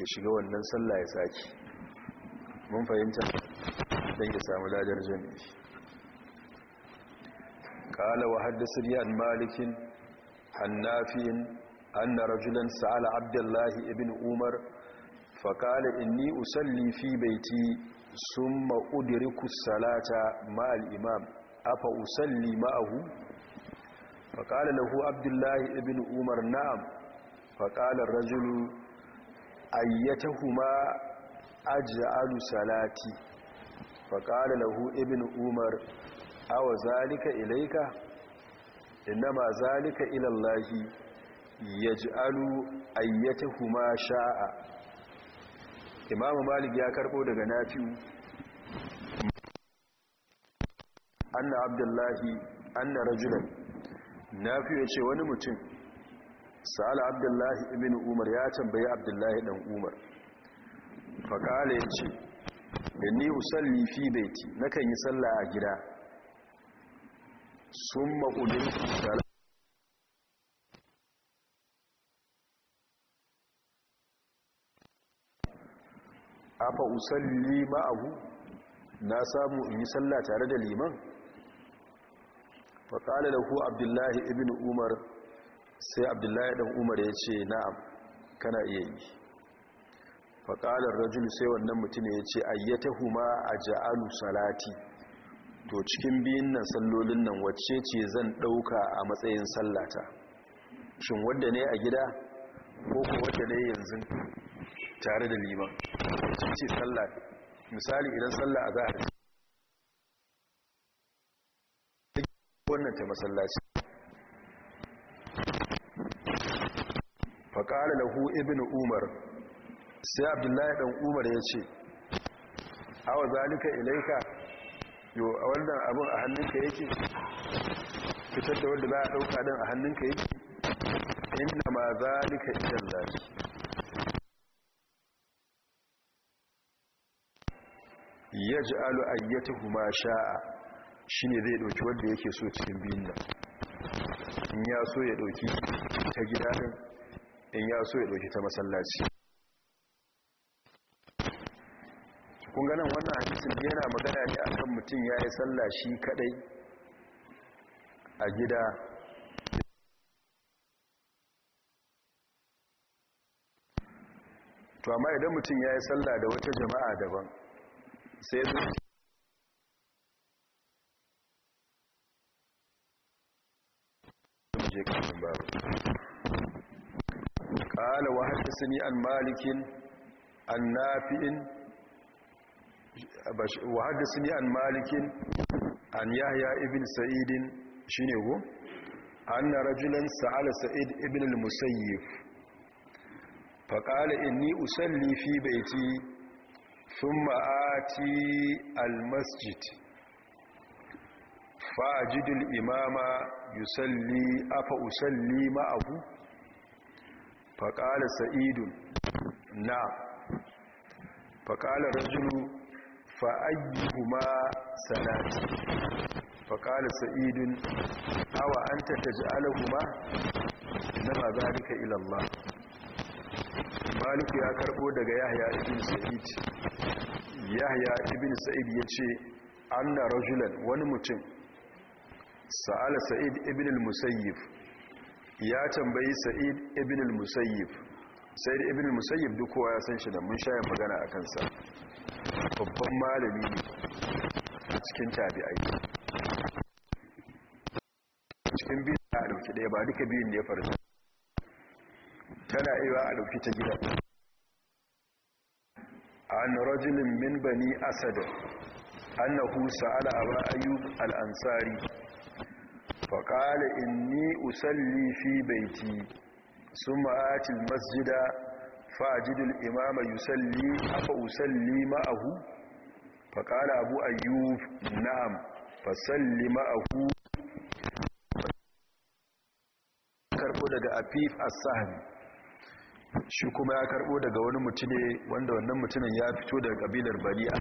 ya shiga wannan sallah ya sake mun fahimta don ya samu ladar jami'i ƙala wa haddasa riyan malikin hannafin an na rajulan sa'ala abdullahi ibn umar faƙala inni usalli fi baiti sun ma'udiri kusalata ma'al imam afa usalli ma'ahu faƙala lahu abdullahi ibn umar na'am faƙalar rajulun ayyatahuma aj'alu salati fa qala lahu ibnu umar aw zalika ilayka inma zalika ila allahi yaj'alu ayyatahuma sha'a imam malik ya karɓo daga nafi'u anna abdullahi anna rajulan nafi'u ya ce wani mutum sa'ala abdullahi ibn umar ya tambayi abdullahi dan umar faƙala ya ce inni usalli fi baiti nakan yi sallah a gida sun maƙudin sallah afa usalli ma'ahu na samu in yi sallah tare da liman faƙala da ku abdullahi ibn umar sai abdullahi dan umar ya ce na'am kana iya yi faƙalar rajul sai wannan mutum ya ce ayyata huma a ja'alu salati to cikin biyun nan sallolin nan wacce ce zan ɗauka a matsayin sallata shin wadda ne a gida ko kuma wadda ne yanzu tare da liman ce sallat misali idan sallah a zahar wannan ta masallaci da lahu ibn umar sai abdullahi ɗan umar ya ce awa zalika ilaika yo a wannan abin a hannunka yake fitar da wanda ba a ɗauka ɗin a hannunka yake inda ma zalika idan zafi ya ji alu ayyata kuma sha'a shi ne zai ɗauki wanda yake so cikin biyun nan in ya so ya ɗauki ta gida in ya so ya ɗauki ta masallaci kun ganin wannan hadisin yana magana ne akan mutum ya yi sallah shi kadai a gida to amma idan mutum ya yi sallah da wata jama'a daban sai zai je kafin قال وحدثني عن مالك عن نافع وحدثني عن مالك عن يحيى ابن سعيد شنو هو أن رجلا سأل سعيد ابن المسيف فقال إني أسلي في بيتي ثم آتي المسجد فأجد الإمام يسلي اصلي معه faƙala sa'idun na faƙala rajulu fa'ayyuhuma salati faƙala sa'idun awa an tattaji alahuma na ba za rika ilallah maliku ya karɓo daga yahya ibn sa'id yahya ibn sa'id ya ce an na rajulan wani mutum sa'ala sa'id ibn al-musayyif ya tambayi sa'id ibn al-musayyib sa'id ibn al-musayyib duk kowa ya san shi da mun shaya magana a kansa babban malami ne a cikin tabi'ai cikin biyu a dauki ɗaya ba duka biyun ne farce. tana iya a dauki ta gida an rajulin min bani asad annahu sa'ala aba ayyub al-ansari faƙali ni usalli fi baiti sun ma'acin masjida fa'ajidul imama yusalli afa usalli ma'ahu faƙali abu ayyub na'am fasalli ma'ahu karɓo daga afif as-sahmi shi kuma ya karɓo daga wani mutune wanda wannan mutumin ya fito daga ƙabilar bari'a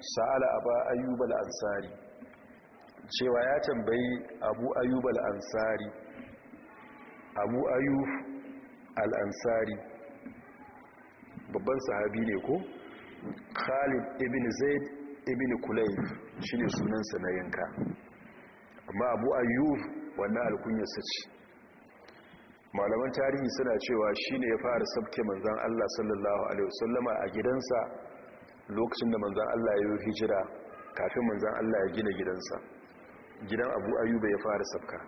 sa'ala a ba ayyubal ansari cewa ya tambayi abu ayyubal ansari abu ayyub al-ansari babban sahabi ne ko khalid ibn zaid ibn Shi ne sunansa na yanka amma abu ayyub wannan alkunyarsa ce malaman tarihi suna cewa shi ne ya fara sabke manzon Allah sallallahu alaihi wasallama a gidansa lokacin da manzan Allah ya yi hijira kafin manzan Allah ya gina gidansa gidan abu ayyuba ya fara sabka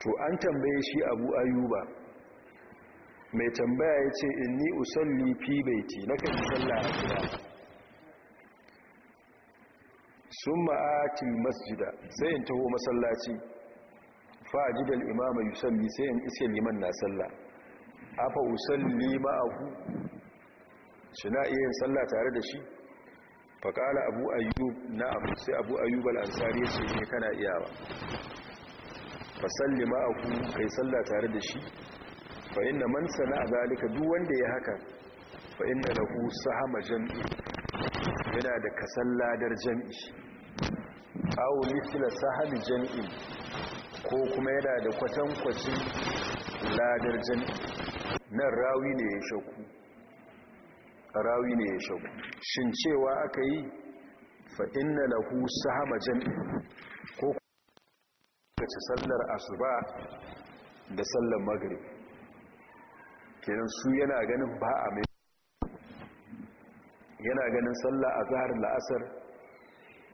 to an tambaye shi abu ayyuba mai tambaya ya ce inni usalli fi baiti na kan salla a gida sun ma'ati masjida sai taho masallaci fa gidan imama yusalli sai in iske liman na sallah afa usalli ma'ahu shi na iya yin sallah tare da shi faƙala abu ayyub abu sai abu ayyub al'ansari su ne eh, kana iyawa fasalli ma'ahu kai sallah tare da shi fa inna man sana a zalika duk wanda ya haka fa inna lahu sahama jam'i yana da kasalladar jam'i aw mithla sahami jam'i ko kuma yana da kwatankwacin ladar jam'i nan rawi ne ya shaku, rawi ne ya shaku. shin cewa aka yi fa'in na lahu sahama ko ka ci sallar asuba da sallar magrib kenan su yana ganin ba a mai yana ganin sallar zahar la'asar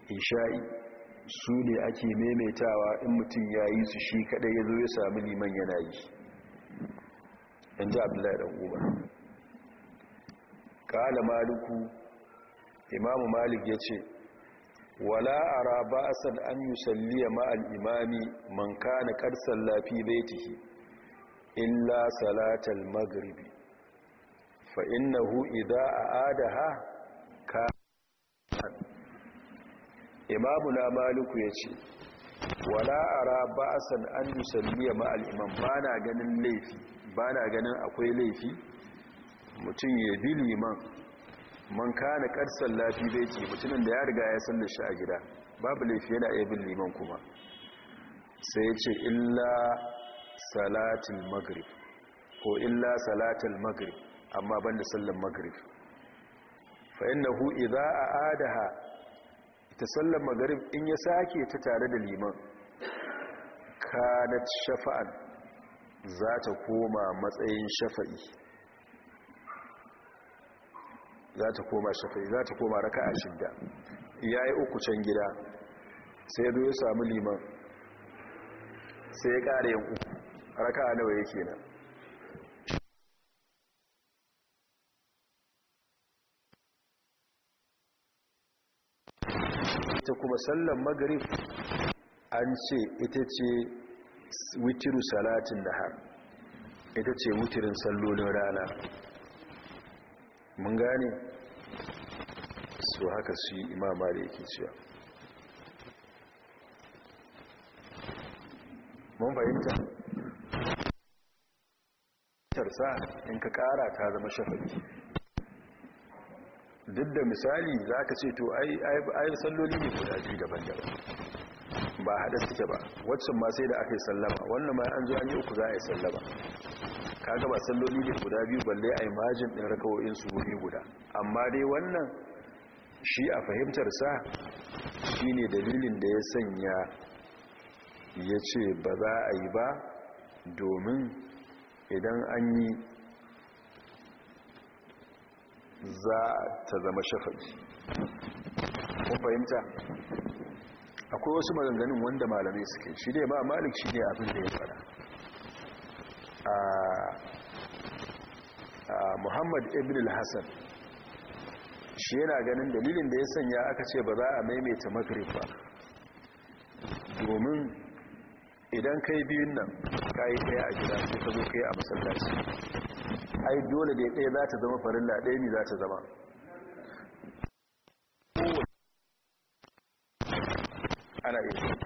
isha'i su ne ake maimaitawa in mutum ya yi su shi kadai ya zo ya sami liman yana yi in ji abdullahi ɗan umar ƙala maliku imamu malik ya ce wala ara ba san an yi salliya ma'al imami man na ƙarsan lafi baitihi illa salatar magribi fa a idza aadaha ka imamu na maliku ya ce wala ara ba san an yi salliya ma'al imam ba na ganin laifi ba na ganin akwai laifi mutum ya bi liman man kana karsan lafi bai ce mutumin da ya riga ya san da shi a gida babu laifi yana iya bin liman kuma sai ya ce illa salatin magrib ko illa salatin magrib amma banda sallan magrib fa innahu idza aadaha ita sallan magrib in ya sake ta tare da liman kanat shafa'an za ta koma matsayin shafa'i za ta koma shafa'i za ta koma raka a shida ya yi uku can gida sai zo ya samu liman sai ya ƙara yin uku raka a nawa yake nan ta kuma sallan magarif an ce ita ce witiru salatin da har ita ce witirin sallolin rana mun gane su haka su yi imama da yake cewa mun fahimta tarsa in ka kara ta zama shafafi duk da misali za ka ce to ai salloli ne guda biyu daban-daban ba hada suke ba waccan ma sai da aka yi sallama wannan ma an zo an yi uku za a yi sallama kaga ba salloli ne guda biyu balle a imajin ɗin rakawoyin su guri guda amma dai wannan shi a sa shi ne dalilin da ya sanya ya ce ba za a yi ba domin idan an yi za ta zama shafaji kun fahimta akwai wasu maganganun wanda malamai suke shi ne ba malik shi ne abin da ya a muhammad ibn al-hassan shi yana ganin dalilin da ya sanya aka ce ba za a maimaita magrib ba domin idan kai biyun nan kayi kai a gida sai ka zo kai a masallaci ai dole da ɗaya za ta zama farin ɗaya ne za ta zama ana iya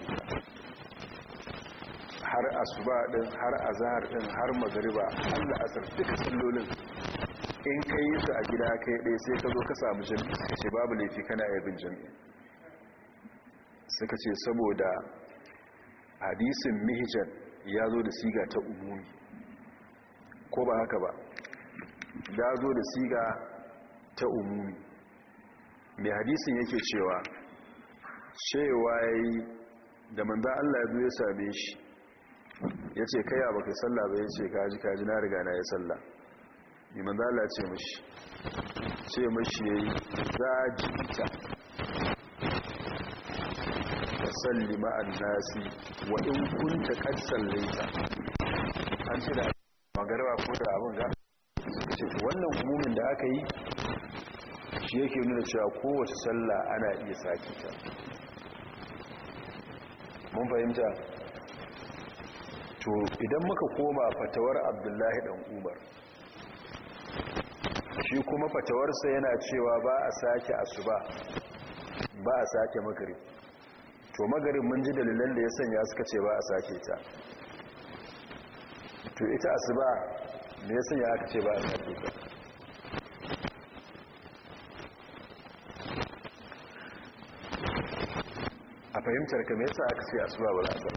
har asuba din har azhar din har magariba Allah asar duka sallolin in kai su a gida kai dai sai ka zo ka samu jami'a ce babu laifi kana bin jami'i suka ce saboda hadisin mihijan ya zo da siga ta umumi ko ba haka ba ya zo da siga ta umumi mai hadisin yake cewa cewa yi da manzon Allah ya ya same shi ce kai ba ka sallah ba ce kaji kaji na riga na ya sallah ni manzon Allah ce mashi ce mishi yayi zajita salli ma'an nasi wa in kunta kad sallaita an ce da magarba ko da abin ga ce wannan umumin da aka yi shi yake nuna cewa kowace sallah ana iya sake ta mun fahimta to idan muka koma fatawar abdullahi dan umar shi kuma fatawarsa yana cewa ba a sake asuba ba a sake Magari. to Magari mun ji dalilan da ya sanya suka ce ba a sake ta to ita asuba ne ya sanya aka ce ba a sake ta fahimtar ka me yasa aka ce asuba ba za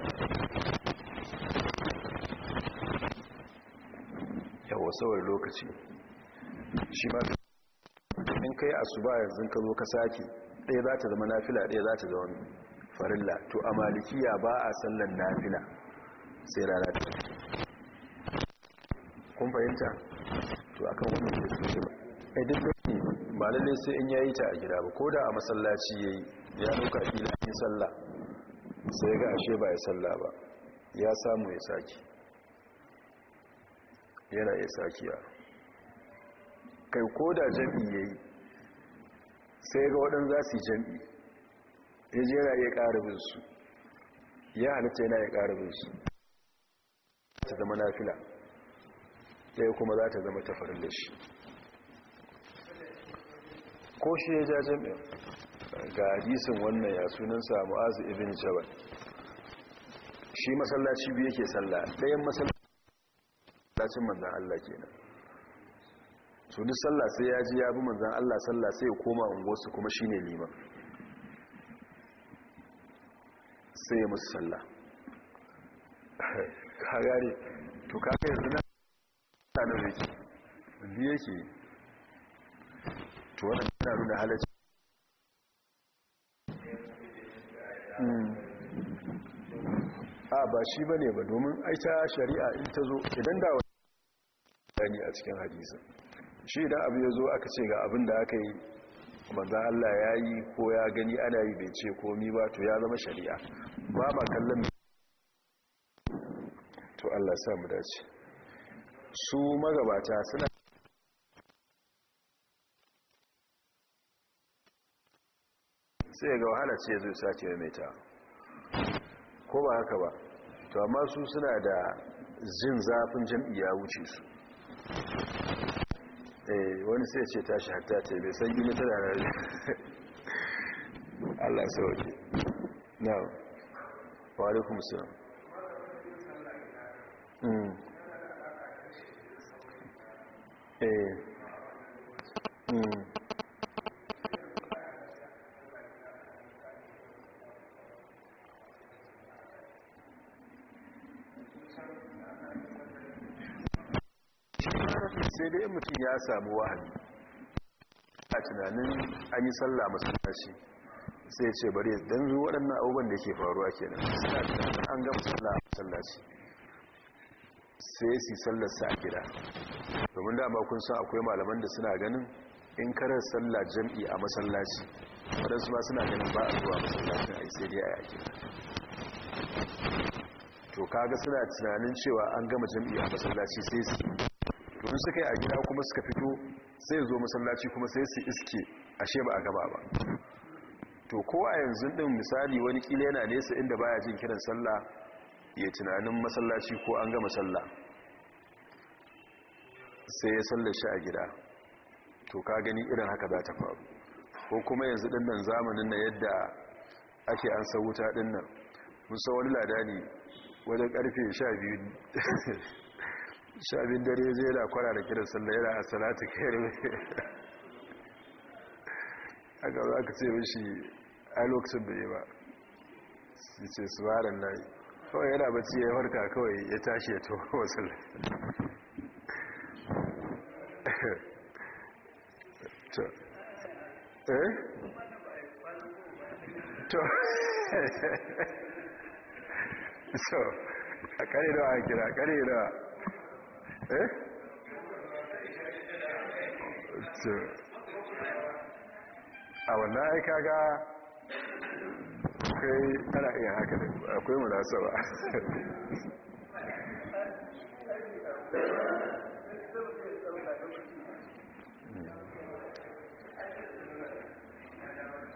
yawa saurin lokaci shi ma in kai asuba yanzu ka zo ka sake ɗaya za ta zama nafila ɗaya za ta zama farilla to a malikiya ba a sallan nafila sai rana ta kun fahimta to akan wannan eh, da su ba ne, ba lalai sai in yayi ta a gida ba ko da a masallaci ya yi ya dauka kila in sallah sai ga ashe ba ya salla ba ya samu ya saki yana ya sakiya kai ko da jam'i ya yi sai ga waɗanda za su yi jam'i ya je yana ya ƙarabin su ya halitta yana ya ƙarabin su ta zama nafila ɗaya kuma za ta zama tafarin da shi ko shi ya ja jam'in ga hadisin wannan ya sunansa mu'azu ibn jabal shi masallaci biyu yake sallah ɗayan masallacin manzan Allah kenan su duk sallah sai ya ji ya bi manzan Allah sallah sai ya koma unguwarsu kuma shine liman sai ya musu sallah ka gane to kaka yanzu na sanar yake biyu yake to wannan yana nuna halacci a ba shi ba ne ba domin aita shari'a in ta zo idan da wani ne a cikin hadiza. shi idan abu ya zo aka ce ga abin da aka yi manzan Allah ya yi ko ya gani ana yi bai ce komi ba to ya zama shari'a ba ma kallon to Allah sa mu dace su magabata suna sai ga wahala ce zai sace mai ta ko ba haka ba to amma su suna da zin zafin jam'i ya wuce su eh, wani sai ce tashi hatta ce bai san gini tana rari allah sauke na wari kuma suna eh da yin mutum ya samu wahayi a tunanin an yi sallah masallaci sai ce bari don zuwa waɗannan abubuwan da ke faruwa ke nan, suna tunanin an gama sallah masallaci sai su sallar sa a gida domin dama kun san akwai malaman da suna ganin in karar sallah jam'i a masallaci waɗansu ba suna ganin ba a zuwa masallacin a isai dai a yaki to kaga suna tunanin cewa an gama jam'i a masallaci sai su in suka yi a gida kuma suka fito sai zo masallaci kuma sai su iske ashe ba a gaba ba to a yanzu din misali wani kila yana nesa inda baya jin kiran sallah ya tunanin masallaci ko an gama sallah sai ya sallar shi a gida to ka gani irin haka za ta faru ko kuma yanzu din nan zamanin na yadda ake an sa wuta din nan musa wani ladani wajen karfe 12 shi abin dare zai da kwara da kiran sallah yana a salatu kere aka za ka ce mashi a lokacin bai ba su ce su ba na yi kawai yana bacci ya harka kawai ya tashi ya to wasan eh? to so a kare da a kira kare da eh a wannan aika ga kai ana iya haka da akwai mulasa ba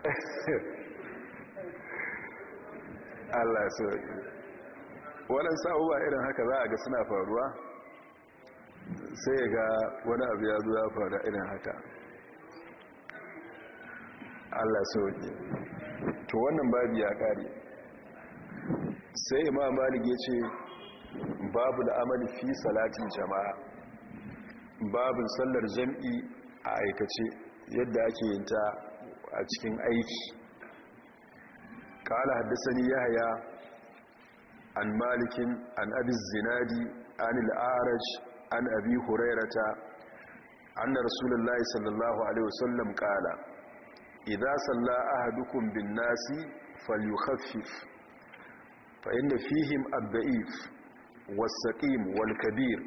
Allah su. waɗansu abubuwa irin haka za a ga suna faruwa sai ga wani abu ya zo ya faru irin haka allah sauki to wannan babu ya kare sai imam malik ya ce babu la'amari fi salatin jama'a babu sallar jam'i a aikace yadda ake yin ta a cikin aiki قال ya haya an malikin an abin zinadi an الأعرج an abi hurairata anna rasulullahi sallallahu alaihi wasallam qala idza salla ahadukum bin nasi falyukhaffif fa inna fihim ad-da'if was-saqim wal-kabir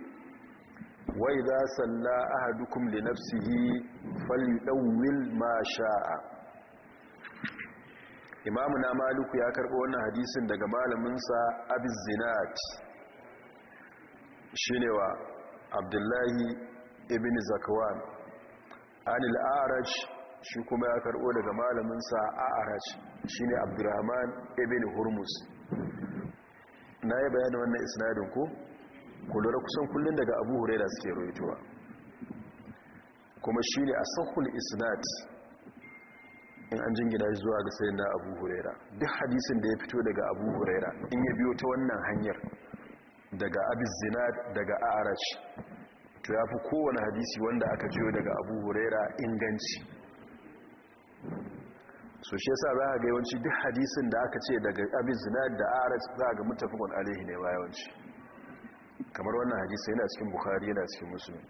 wa idza salla ahadukum li nafsihi falyudawwil ma sha'a imamu na maliku ya karɓo wannan hadisin daga malaminsa Abiz zinat shi ne wa abdullahi ibn zakawan anil araj shi kuma ya karbo daga malaminsa a araj shi ne abdurrahman ibn hurmus na yi bayanin wannan isnadin ko kulura kusan kullum daga abu huraira suke roituwa kuma shi ne a isnad in an jingina zuwa ga sayin na abu huraira duk hadisin da ya fito daga abu huraira in ya biyo ta wannan hanyar daga abis zinad daga arash to ya fi kowane hadisi wanda aka jiyo daga abu huraira inganci so shi yasa za a ga yawanci duk hadisin da aka ce daga abis zinad da arash za a ga mutafikon alihi ne ba yawanci kamar wannan hadisi yana cikin bukhari yana cikin musulmi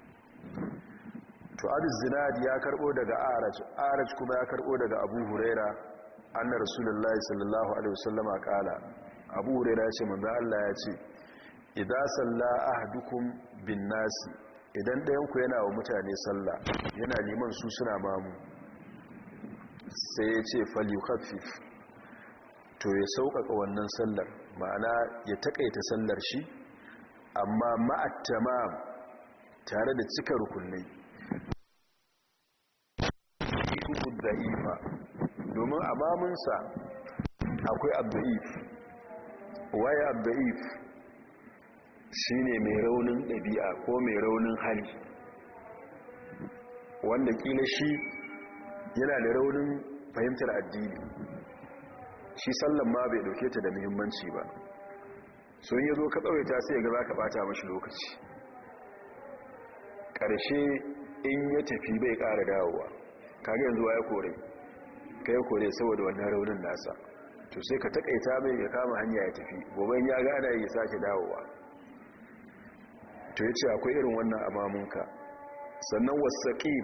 to abis zinad ya karbo daga arash arash kuma ya karbo daga abu huraira annar rasulullahi sallallahu alaihi wasallama kala abu huraira ya ce manzo Allah ya ce idza salla ahadukum bin nasi idan ɗayan ku yana wa mutane sallah yana liman su suna mamu sai ya ce falyukhaffif to ya sauƙaƙa wannan sallar ma'ana ya taƙaita sallar shi amma ma'attama tare da cika rukunai da'ifa domin a mamunsa akwai abdu'if waye abdu'if shi ne mai raunin ɗabi'a ko mai raunin hali wanda ƙila shi yana da raunin fahimtar addini shi sallan ma bai ɗauke ta da muhimmanci ba sun yi zo ka tsawaita sai ga za ka bata mashi lokaci ƙarshe in ya tafi bai ƙara dawowa kaga yanzu ya kore ka ya kore saboda wannan raunin nasa to sai ka taƙaita mai ya kama hanya ya tafi gobe ya gada ya sake dawowa to ya ce akwai irin wannan amamunka sannan wasaki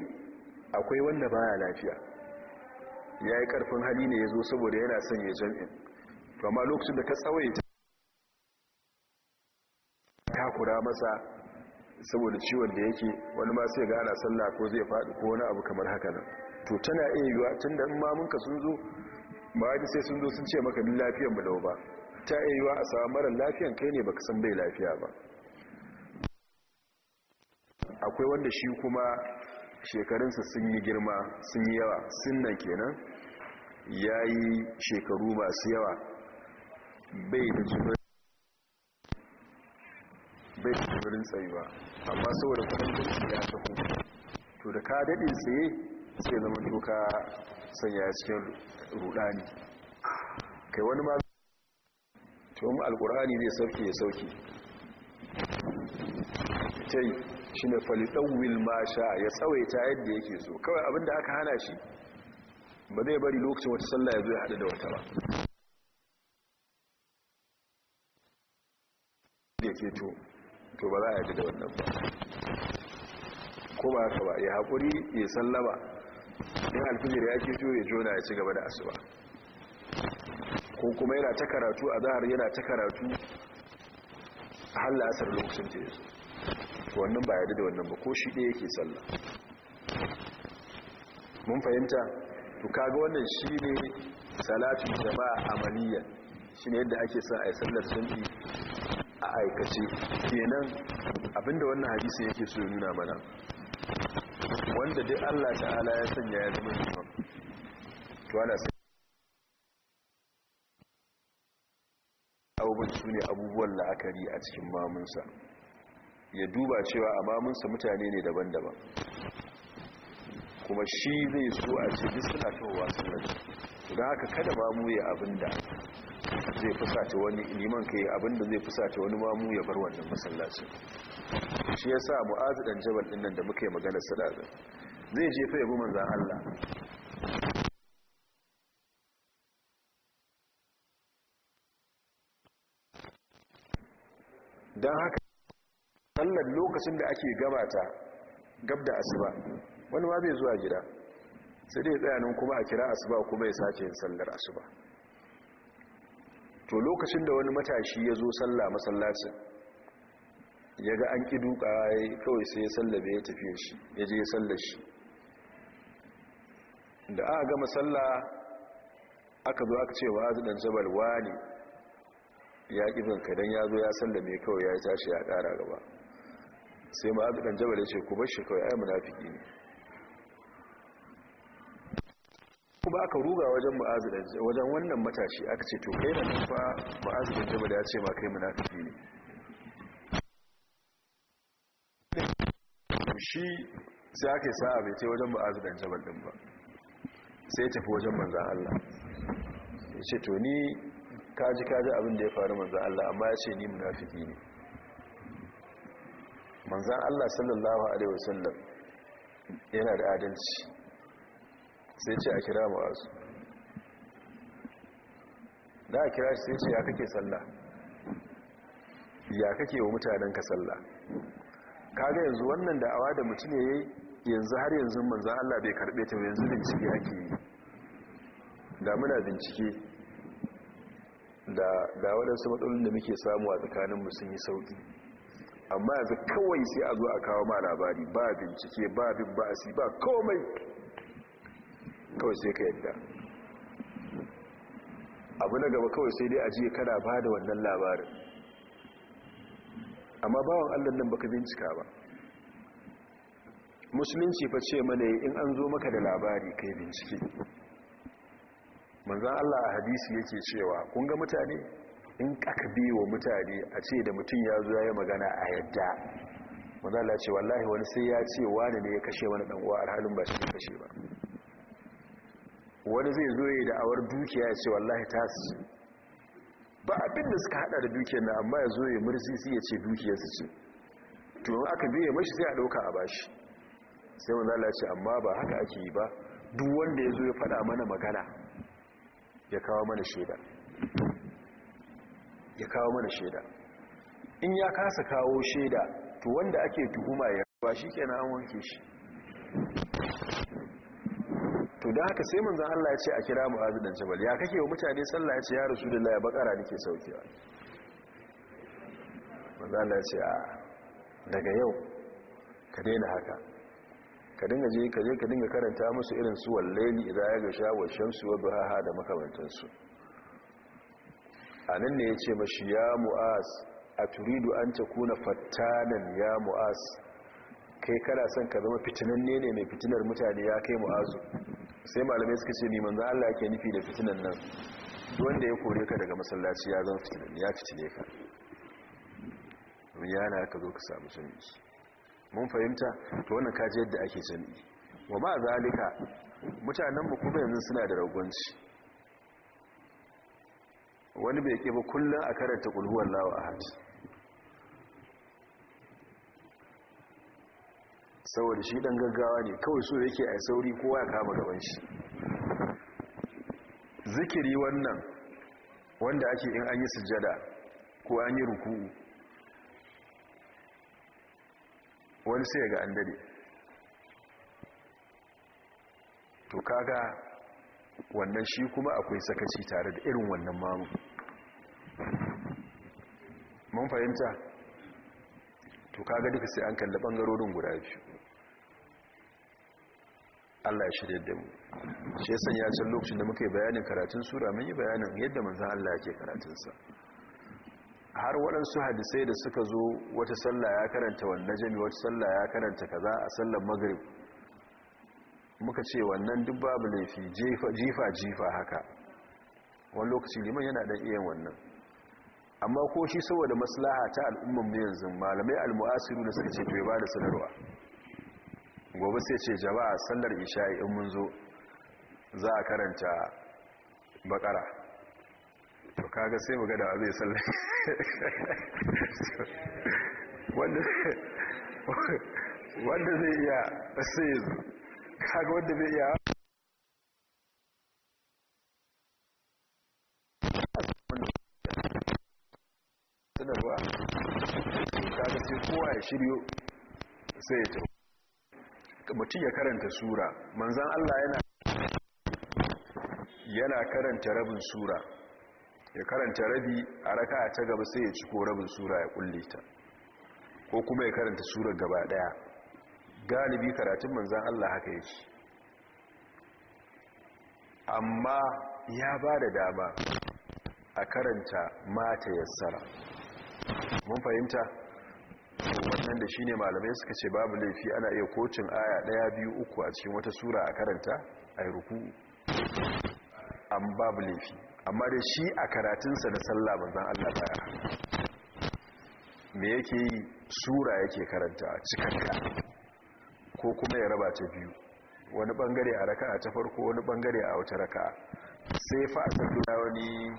akwai wanda baya lafiya ya yi ƙarfin hali ne ya zo saboda yana son ya jam'in to amma lokacin da ka ta takura masa saboda ciwon da yake wani ma sai ga sallah ko zai faɗi ko wani abu kamar haka nan to tana iya yiwuwa tun da mamunka sun zo ba wani sai sun zo sun ce maka lafiyan mu lau ba ta iya yiwuwa a samu mara lafiyan kai ne baka san bai lafiya ba akwai wanda shi kuma shekarunsa sun yi girma sun yi yawa sun nan kenan ya yi shekaru masu yawa bai da tsayi tsayuwa amma saboda kudin da ya tafi to da ka daɗin tsaye sai zama doka sanya cikin rudani kai wani ma tun alkurani zai sauke ya sauke ta shi ne ma sha ya tsawaita yadda yake so kawai abinda aka hana shi ba zai bari lokacin wata sallah ya zo ya haɗu da wata ba da ke to to ba za a yi da wannan ba ko ba haka ba ya haƙuri ya sallama in alfijir ya ke to ya jona ya ci gaba da asuba ko kuma yana ta karatu a zahar yana ta karatu a hallasar lokacin da to wannan ba yadda da wannan ba ko shi ɗaya yake sallah mun fahimta to kaga wannan shi ne salatu jama'a amaliya shi ne yadda ake sa a yi sallar sunfi a aikace kenan abinda wannan hadisi yake so ya nuna mana wanda dai Allah ta'ala ya sanya ya zama imam to ana abubuwan su ne abubuwan la'akari a cikin mamunsa ya duba cewa amaminsa mutane ne daban-daban kuma shi zai so a cikin suna towa sunan don haka kada mamu ya abinda zai fusata wani liman ka yi abinda zai fusata wani mamu ya bar wannan masallaci shi ya sa mu'azu ɗan jabal ɗin nan da muka yi maganar sadazin zai jefa yabi zan allah don haka sallar lokacin da ake gabata gab da asuba wani ma bai zuwa gida sai dai tsayanin kuma a kira asuba kuma ya sace yin sallar asuba to lokacin da wani matashi ya zo sallah masallacin ya ga an ƙi duka kawai sai ya sallabe ya tafiye shi ya je ya sallar shi da aka gama sallah aka zo aka ce wa azudan jabal wani ya ƙi zanka don ya zo ya sallame kawai ya yi tashi ya ƙara gaba sai ma'azu ɗan jabal ya ce ku bashi shi kawai ai munafiki ne kuma aka ruga wajen ma'azu wajen wannan matashi aka ce to kai nan fa ma'azu ɗan jabal ya ce ma kai munafiki ne shi sai aka yi sa'a bai ce wajen ma'azu ɗan jabal ɗin ba sai tafi wajen manzan Allah ya ce to ni kaji kaji abin da ya faru manzan Allah amma ya ce ni munafiki ne manzan Allah sallallahu Alaihi wasallam yana da adalci sai ce a kira ma'azu da a kira sai ce ya kake sallah ya kake wa mutanenka sallah kaga yanzu wannan da'awa da mutum ya yi yanzu har yanzu manzan Allah bai karbe ta yanzu bincike ake yi da muna bincike da waɗansu matsalolin da muke samu a tsakaninmu sun yi sauƙi amma yanzu kawai sai a zo a kawo ma labari ba bincike ba bin ba asi ba komai kawai sai ka yadda abu na gaba kawai sai dai a jiye kada ba da wannan labarin amma bawan allah nan baka bincika ba musulunci fa ce mana in an zo maka da labari kai bincike manzan allah a hadisi yake cewa kun ga mutane in aka biye wa mutane a ce da mutum ya zo ya magana a yadda mazala ce wallahi wani sai ya ce wani ne ya kashe wani ɗan'uwa alhalin ba shi kashe ba wani zai zo da awar dukiya ya ce wallahi ta su ba abin da suka haɗa da dukiyar na amma ya zo ya mursisi ya ce su ce tunan aka ya mashi sai a ɗauka a bashi sai mazala ce amma ba haka ake yi ba duk wanda ya zo ya faɗa mana magana ya kawo mana shaida ya kawo mana shaida in ya kasa kawo shaida to wanda ake tuhuma ya ba shi kenan an wanke shi to da haka sai manzon Allah ya ce a kira Mu'adh dan Jabal ya kake wa mutane sallah ya ce ya Rasulullahi bakara nake saukewa manzon Allah ya ce a daga yau ka daina haka ka dinga je ka je ka dinga karanta musu irin su wallahi idza ya ga wa shamsu wa duhaha da makamantansu a nan ne ya ce mashi ya mu'az a turidu an ta kuna fattanan ya mu'az kai kana son ka zama fitinan ne ne mai fitinar mutane ya kai mu'azu sai malamai suka ce neman zan Allah ke nufi da fitinan nan wanda ya kore ka daga masallaci ya zama fitinan ya fitine ka na ka zo ka samu jami'i mun fahimta ta wannan kaji yadda ake jami'i wa ma zalika mutanenmu kuma yanzu suna da ragwanci wani bai ke ba kullum a karanta kulhuwar lawa a hajji saboda shi dan gaggawa ne kawai so yake a sauri kowa ya kama gaban shi zikiri wannan wanda ake in an yi sujjada ko an yi ruku. wani sai ga an dade to kaga wannan shi kuma akwai sakaci tare da irin wannan mamu mun fahimta to kaga duka sai an kalli bangarorin guda biyu Allah ya shirya da mu shi yasan ya can lokacin da muka yi bayanin karatun sura mun yi bayanin yadda manzan Allah yake karatunsa har waɗansu hadisai da suka zo wata sallah ya karanta wannan jami wata sallah ya karanta kaza a sallar maghrib muka ce wannan duk babu laifi jifa jifa haka wani lokaci liman yana ɗan iya wannan amma ko shi saboda maslaha ta al'ummar mu yanzu malamai almu'asiru da suka ce to ya ba da sanarwa gobe sai ce jama'a sallar isha'i in mun zo za a karanta bakara to kaga sai mu ga da zai sallar wanda wanda zai iya sai kaga wanda bai iya kowa ya shiryo sai ya tafi mutum ya karanta sura manzan Allah yana yana karanta rabin sura ya karanta rabi a raka ta gaba sai ya ciko rabin sura ya kulle ta ko kuma ya karanta sura gaba daya galibi karatun manzan Allah haka ya ci. amma ya ba da dama a karanta mata yassara mun fahimta wanda shine malamai suka ce babu laifi ana iya kocin aya daya biyu uku a cikin wata sura a karanta a yi ruku an babu laifi amma da shi a karatunsa da sallah manzan Allah baya me yake yi sura yake karanta a cikakka ko kuma ya raba ta biyu wani bangare a raka ta farko wani bangare a wata raka sai fa a wani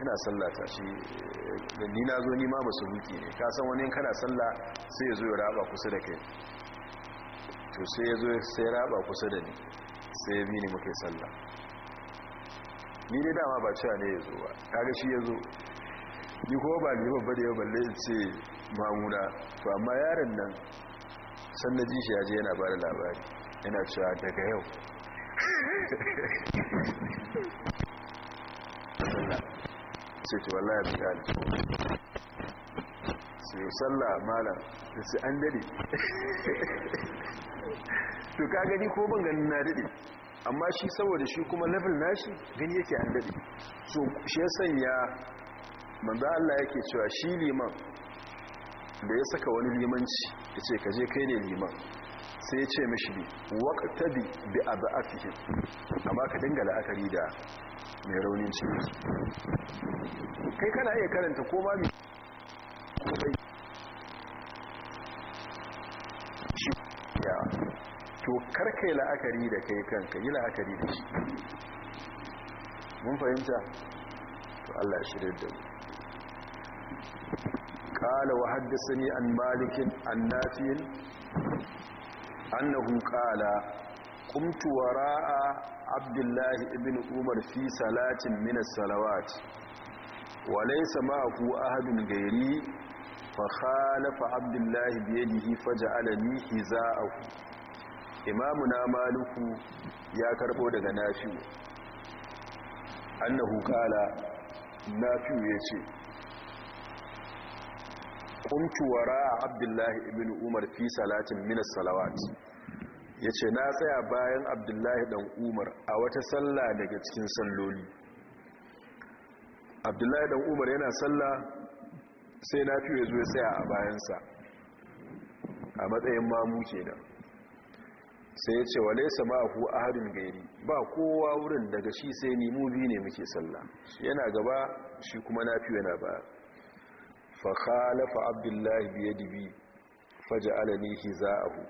ina sallata shi eh, ni na zo nima ba su huki ne ka san wani kana salla sai ya zo ya raba kusa da kai to sai ya zo sai ya raba kusa da ni sai ya bi ni muke salla ni dai dama ba cewa ne ya zo ba kaga shi ya zo ni ko ba ni babba da yau balle in ce mamuna to amma yaron nan san na jishi ya je yana ba da labari yana cewa daga yau ce ce wallahi da gani sai sallah malam da su an dade to ka gani ko ban ganin na dade amma shi saboda shi kuma level nashi gani yake an dade so shi ya sanya manzo Allah yake cewa shi liman da ya saka wani limanci yace ka je kai ne liman sai ce mashi waqtabi bi abafihim amma ka dinga la'akari da mai raunin ciki kai kana iya karanta ko ma mai to karka yi la'akari da kai kan ka yi la'akari da shi mun fahimta to Allah ya shirya da mu قال وحدثني عن مالك عن نافع annahu qala qumtu wara'a abdullahi ibn umar fi salatin min as-salawat wa laysa ma'ahu ahadun ghairi fa khalafa abdullahi bi yadihi faj'alani hiza'ahu imamuna maliku ya karbo daga nafi'u annahu qala nafi'u yace kuntu wara abdullahi ibn umar fi salatin minas salawat ya ce na tsaya bayan abdullahi dan umar a wata sallah daga cikin salloli abdullahi dan umar yana sallah sai na fiye zuwa tsaya a bayansa a matsayin mamu kenan sai ya ce laysa sama ku harin gairi ba kowa wurin daga shi sai ni mu biyu ne muke sallah yana gaba shi kuma na fiye na baya fa khalafa abdullahi biyadihi faj'alani hiza'ahu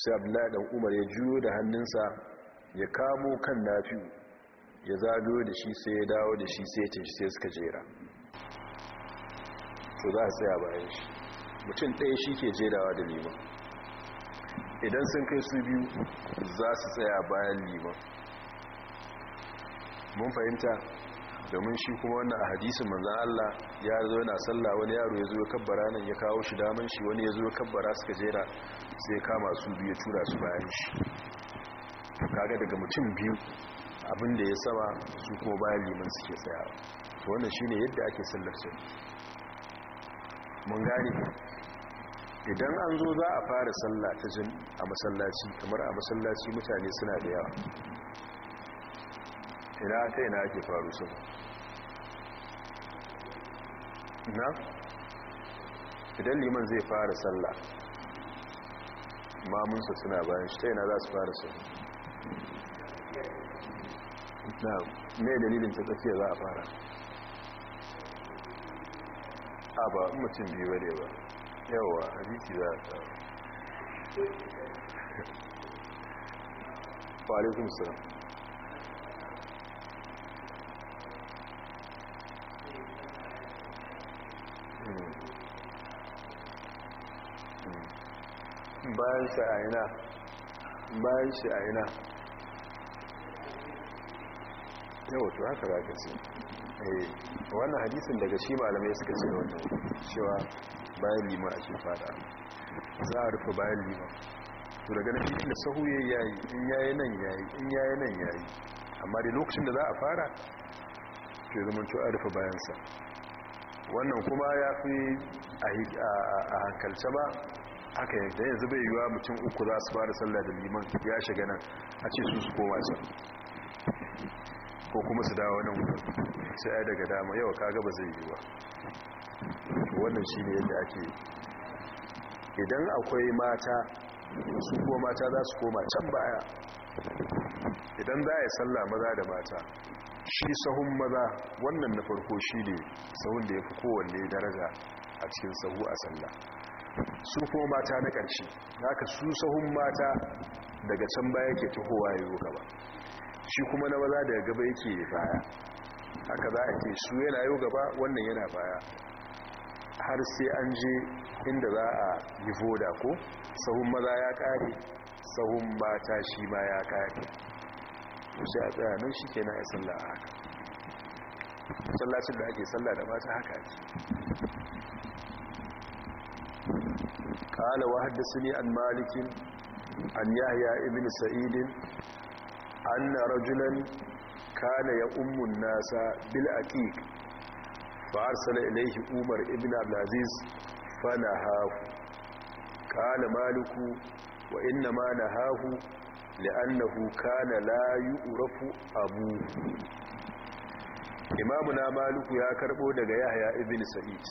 sai abdullahi dan umar ya juyo da hannunsa ya kamo kan nafi ya zago da shi sai ya dawo da shi sai ya tafi sai suka jera to za a tsaya bayan shi mutum ɗaya shi ke jerawa da liman idan sun kai su biyu za su tsaya bayan liman mun fahimta domin shi kuma wannan a hadisin manzan Allah ya zo yana sallah wani yaro ya zo ya kabbara nan ya kawo shi daman shi wani ya zo ya kabbara suka jera sai kama su biyu ya tura su bayan shi kaga daga mutum biyu abinda ya sama su ko bayan liman suke tsayawa to wannan shi ne yadda ake sallar su mun gane idan an zo za a fara sallah ta jin a masallaci kamar a masallaci mutane suna da yawa ina ta ina ake faru sun na idan liman zai fara sallah mamunsa suna bayan shi ta yana za su fara su na mai dalilin ta tsakiya za a fara a ba mutum biyu wade ba yawa jiki za a tsara wa alaikum bayan a ina bayan shi a ina yau to haka za ka ce eh, wannan hadisin daga shi malamai suka ce wannan cewa bayan lima a cikin fada za a rufe bayan lima to daga nan inda sahu ya yayi in yayi nan yayi in yayi nan yayi amma da lokacin da za a fara to zama to a rufe bayansa wannan kuma ya fi a hankalce ba haka yadda yanzu bai yiwuwa mutum uku za su fara sallah da liman ya shiga nan a ce su su koma can ko kuma su dawo nan sai ai daga dama yau kaga ba zai yiwuwa wannan shi ne yadda ake idan akwai mata su kuma mata za su koma can baya idan za a yi sallah maza da mata shi sahun maza wannan na farko shi ne sahun da ya fi kowanne daraja a cikin sahu a sallah su kuma mata na ƙarshe ka su sahun mata daga can baya ke tuhowa ya yi gaba shi kuma na maza daga gaba yake baya haka za a ke su yana yi gaba wannan yana baya har sai an je inda za a yi voda ko sahun maza ya ƙare sahun mata shi ma ya ƙare sai a tsaya nan shi na a sallah haka sallacin da ake sallah da mata haka قال وحدثني عن مالك عن يحيى ابن سعيد ان رجلا كان يؤم الناس بالأكيك فارسل اليه عمر ابن عبد العزيز فنهاه قال مالك وانما نهاه لانه كان لا يعرف أبوه امامنا مالك يا كربو daga يحيى ابن سعيد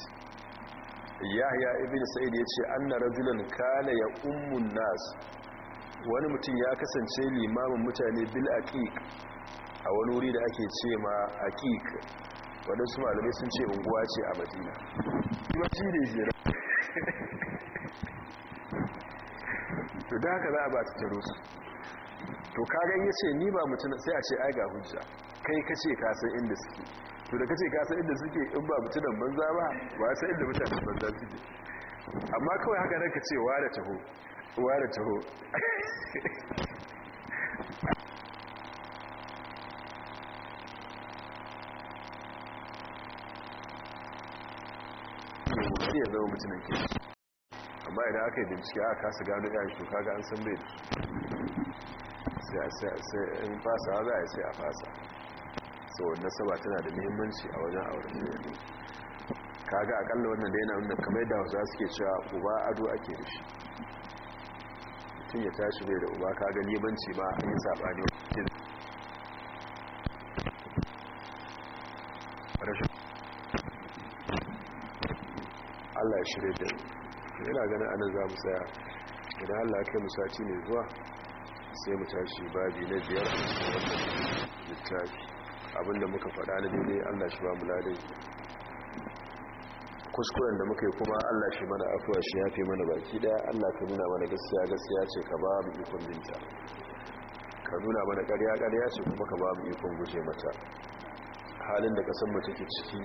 yahya ibn sa'id ya ce anna rajulan kana ya ummun nas wani mutum ya kasance limamin mutane bil aqiq a wani wuri da ake ce ma aqiq su malamai sun ce unguwa ce a madina kimanci ne jira to da haka za a ba ta taro su to kagan ya ce ni ba mutum sai a ce ai ga hujja kai ka ce inda suke su da kace kasa inda suke in ba mutu mutunan banza ba ba sai inda mutanen banza suke amma kawai haka ne kace wa da taho wa da taho ya zama mutunan ke amma idan aka yi bincike aka kasa gano yayin to kaga an san bai sai in fasa za a yi sai a fasa so nasaba tana da muhimmanci a wajen auren kaga akalla wannan da yana wanda kamar yadda wasu suke cewa uba ado ake da shi mutum ya tashi bai da uba kaga limanci ba an yi saɓani rashin Allah ya shirya da yana ganin ana za mu tsaya idan Allah kai mu sati ne zuwa sai mu tashi babi na biyar a cikin wannan littafi abinda muka faɗa na daidai Allah shi ba mu ladai kuskuren da muka yi kuma Allah shi mana afuwa shi ya fi mana baki daya Allah ka nuna mana gaskiya gaskiya ce ka ba mu ikon binta ka nuna mana ƙarya ƙarya ce kuma ka ba mu ikon guje mata halin da ka san mu take ciki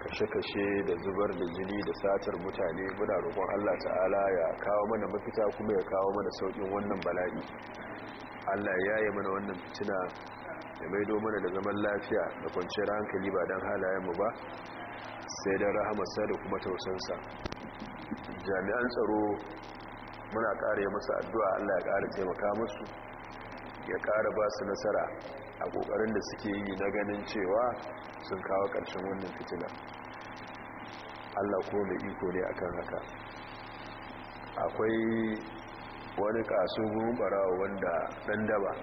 kashe-kashe da zubar da jini da satar mutane muna roƙon Allah ta'ala ya kawo mana mafita kuma ya kawo mana sauƙin wannan bala'i Allah ya yi mana wannan fitina ya maido mana da zaman lafiya da kwanciyar hankali ba don halayenmu ba sai don rahamarsa da kuma tausansa jami'an tsaro muna ƙara yi masa addu'a allah ya ƙara taimaka musu ya ƙara ba su nasara a ƙoƙarin da suke yi na ganin cewa sun kawo ƙarshen wannan fitila allah ko mai iko ne akan haka akwai wani kasu gumbarawa wanda ɗan daba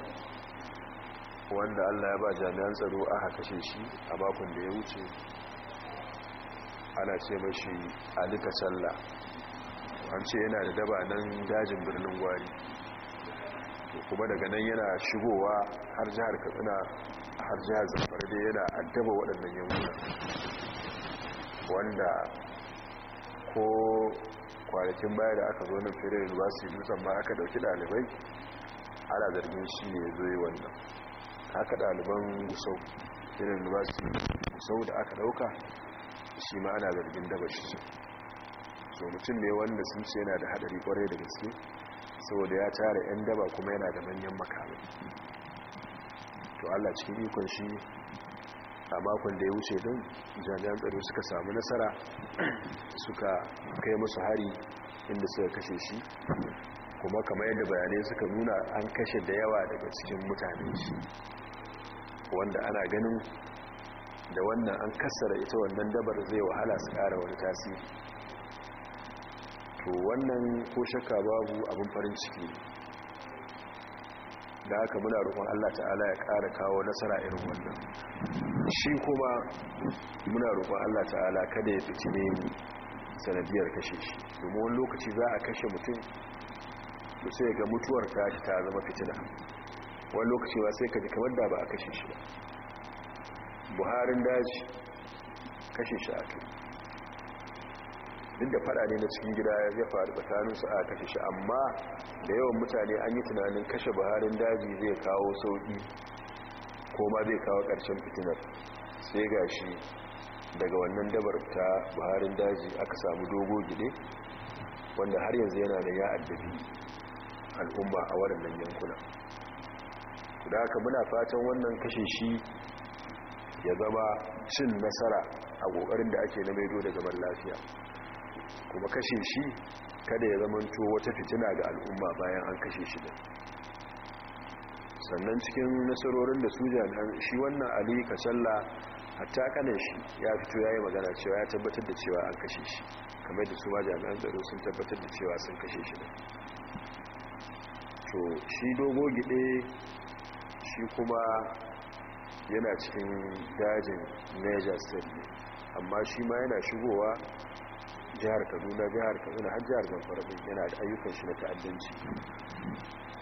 wanda allah ya ba jami'an tsaro aka kashe shi a bakon da ya wuce ana ce mashi alika sallah an ce yana da daba nan dajin birnin gwari kuma daga nan yana shigowa har jihar katsina har jihar zamfara da yana addaba waɗannan yankuna wanda ko kwanakin baya da aka zo na fere university musamman aka ɗauki ɗalibai ana zargin shi ne zoye wannan haka ɗaliban musau irin university musau da aka ɗauka shi ma ana zargin daba shi so mutum ne wanda sun ce yana da haɗari kwarai da gaske saboda ya tara 'yan daba kuma yana da manyan makamai to allah cikin ikon shi a makon da ya wuce don jami'an tsaro suka samu nasara suka kai masu hari inda suka kashe shi kuma kamar yadda bayanai suka nuna an kashe da yawa daga cikin mutane shi wanda ana ganin da wannan an kassara ita wannan dabar zai wahala su kara wani tasiri to wannan ko shakka babu abin farin ciki da haka muna roƙon Allah ta'ala ya ƙara kawo nasara irin wannan shi kuma muna roƙon Allah ta'ala kada ya fitine mu sanadiyar kashe shi domin wani lokaci za a kashe mutum sai ga mutuwar ta ta zama fitina wani lokaci ba sai ka ji kamar da ba a kashe shi ba buharin daji kashe shi a kai duk da fada ne na cikin gida ya faru su a kashe shi amma da yawan mutane an yi tunanin kashe buharin daji zai kawo sauki ko ma zai kawo ƙarshen fitinar sai ga shi daga wannan dabar ta buharin daji aka samu dogo gide wanda har yanzu yana da ya addabi al'umma a waɗannan yankuna da haka muna fatan wannan kashe shi ya zama cin nasara a ƙoƙarin da ake na maido da zaman lafiya kuma kashe shi kada ya zamanto wata fitina ga al'umma bayan an kashe shi da sannan cikin nasarorin da su jami'an shi wannan ali kasalla hatta kanin shi ya fito ya yi magana cewa ya tabbatar da cewa an kashe shi kamar da su ma jami'an tsaro sun tabbatar da cewa sun kashe shi da to shi dogo gide shi kuma yana cikin dajin major state amma shi ma yana shigowa jihar kaduna jihar kaduna har jihar zamfara yana da ayyukan shi na ta'addanci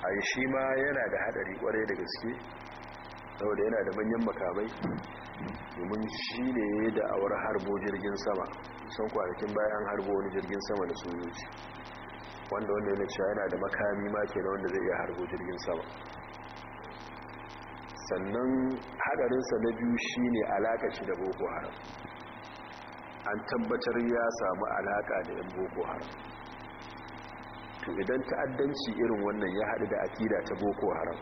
a shi ma yana da hadari kwarai da gaske saboda yana da manyan makamai domin shi ne awar harbo jirgin sama son kwanakin bayan harbo wani jirgin sama da sojoji wanda wanda yana cewa yana da makami ma ke wanda zai iya harbo jirgin sama sannan hadarinsa na biyu shine alaƙa shi da boko haram an tabbatar ya samu alaka da yan boko haram to idan ta'addanci irin wannan ya haɗu da akida ta boko haram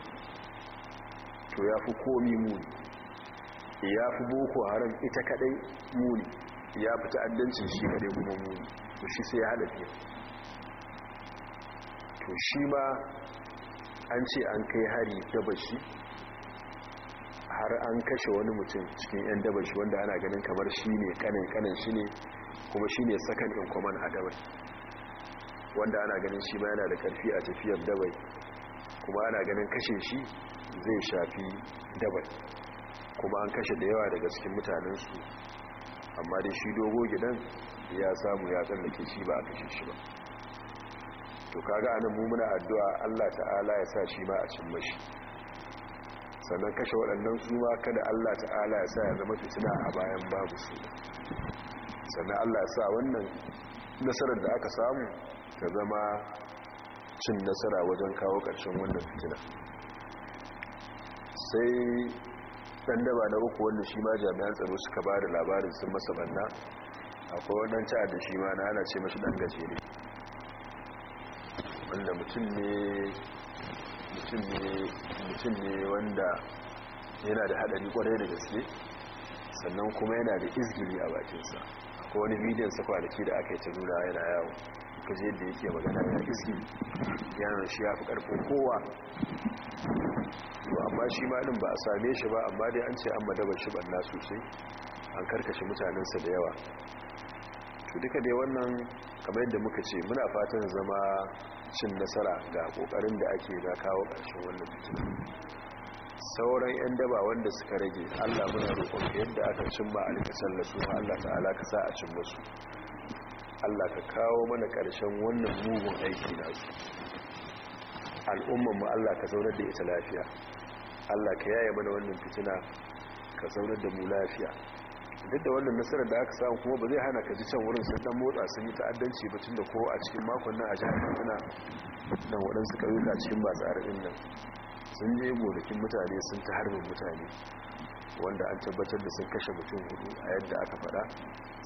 to ya fi komi muni ya fi boko haram ita kaɗai muni ya fi ta'addancin shi kadai kuma muni shi sai ya haɗa fiye to shi ma an ce an kai hari dabashi har an kashe wani mutum cikin 'yan dabashi wanda ana ganin kamar shi ne kanin kanin shi ne kuma shi ne sakan in kwaman a dabai wanda ana ganin shi ma yana da karfi a tafiyar dabai kuma ana ganin kashe shi zai shafi dabai kuma an kashe da yawa daga cikin mutanensu amma dai shi dogo gidan ya samu ya tsallake shi ba a kashe shi ba to kaga anan mu muna addu'a Allah ta'ala ya sa shi ma a cin mashi sannan kashe waɗannan su ma kada Allah ta'ala ya sa ya zama fitina a bayan babu su sannan Allah ya sa wannan nasarar da aka samu ta zama cin nasara wajen kawo ƙarshen wannan fitina sai ɗan daba na uku wanda shi ma jami'an tsaro suka ba da labarin sun masa banna akwai wannan ca'ad da shi ma na ana ce mashi ɗan gajere wanda mutum ne wanda yana da hadari kwarai da gaske sannan kuma yana da izgiri a bakinsa ko wani bidiyon sa da aka yi ta nuna yana yawo ka je da yake magana ya izgiri yanar shi ya fi karfin kowa to amma shi ma ba a same shi ba amma dai an ce an madabar shi banna sosai an karkashe mutanensa da yawa to duka dai wannan kamar yadda muka ce muna fatan zama cin nasara ga kokarin da ake ga kawo ƙarshen wannan fitina sauran 'yan daba wanda suka rage allah muna roƙon yadda aka cin ba alƙasar da su allah ta alaka sa a cin masu allah ka kawo mana ƙarshen wannan mugun aiki nasu al'ummanmu allah ka zaunar da ita lafiya allah ka yaya mana wannan fitina ka zaunar da mu lafiya duk da wannan nasarar da aka samu kuma ba zai hana ka ji can wurin sun dan motsa sun yi ta'addanci ba tun da ko a cikin makon nan a jihar katsina da waɗansu ƙauyuka cikin ba araɗin nan sun je gonakin mutane sun ta harbin mutane wanda an tabbatar da sun kashe mutum hudu a yadda aka faɗa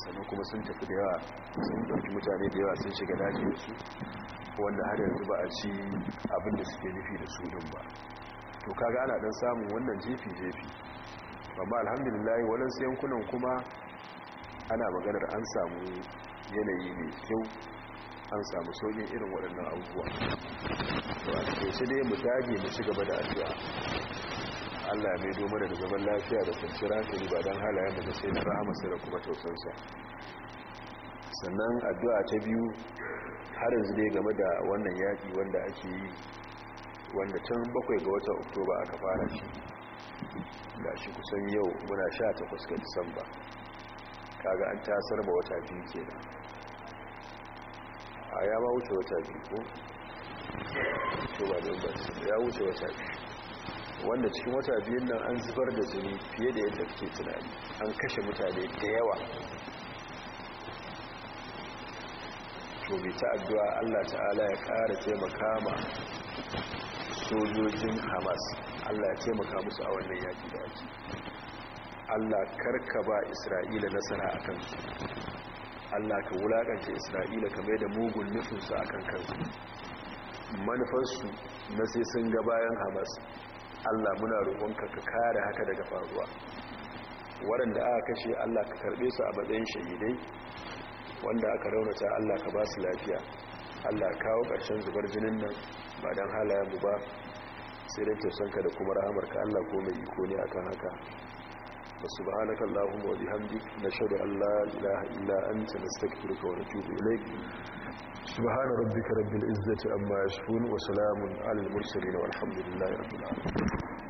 sannan kuma sun tafi da yawa sun ɗauki mutane da yawa sun shiga daji da su wanda har yanzu ba a ci abin da suke nufi da su din ba to kaga ana dan samun wannan jefi jefi amma alhamdulillah waɗansu yankunan kuma ana maganar an samu yanayi mai kyau an samu saukin irin waɗannan abubuwa to shi dai mu dage mu ci gaba da addu'a Allah ya maido mana da zaman lafiya da kwanciyar hankali ba don halayen da sai na su da kuma tausansa sannan addu'a ta biyu har yanzu dai game da wannan yaƙi wanda ake yi wanda tun bakwai ga watan oktoba aka fara shi da shi kusan yau muna sha takwas ga disamba kaga an tasar ba wata biyu ke nan a ya ba wuce wata biyu ko? to ba da ya wuce wata biyu wanda cikin wata biyun nan an zubar da jini fiye da yadda kake tunani an kashe mutane da yawa to bi ta addu'a allah ta'ala ya ƙara taimaka ma sojojin hamas Allah ya taimaka musu a wannan yaki da ake Allah karka ba Isra'ila nasara a kansu Allah ka wulaƙanta Isra'ila ka da mugun nufinsu a kan kansu manufarsu na sai sun ga bayan Hamas Allah muna roƙonka ka kare haka daga faruwa waɗanda aka kashe Allah ka karɓe su a matsayin shahidai wanda aka raunata Allah ka ba su lafiya Allah kawo ƙarshen zubar jinin nan ba don halayen mu ba sai dai ka da kuma ka Allah ko mai iko ne akan haka wa subhanaka allahumma wa bihamdik nashhadu an la ilaha illa anta nastaghfiruka wa natubu ilayk subhana rabbika rabbil izzati amma yasifun wa salamun alal mursalin walhamdulillahi rabbil alamin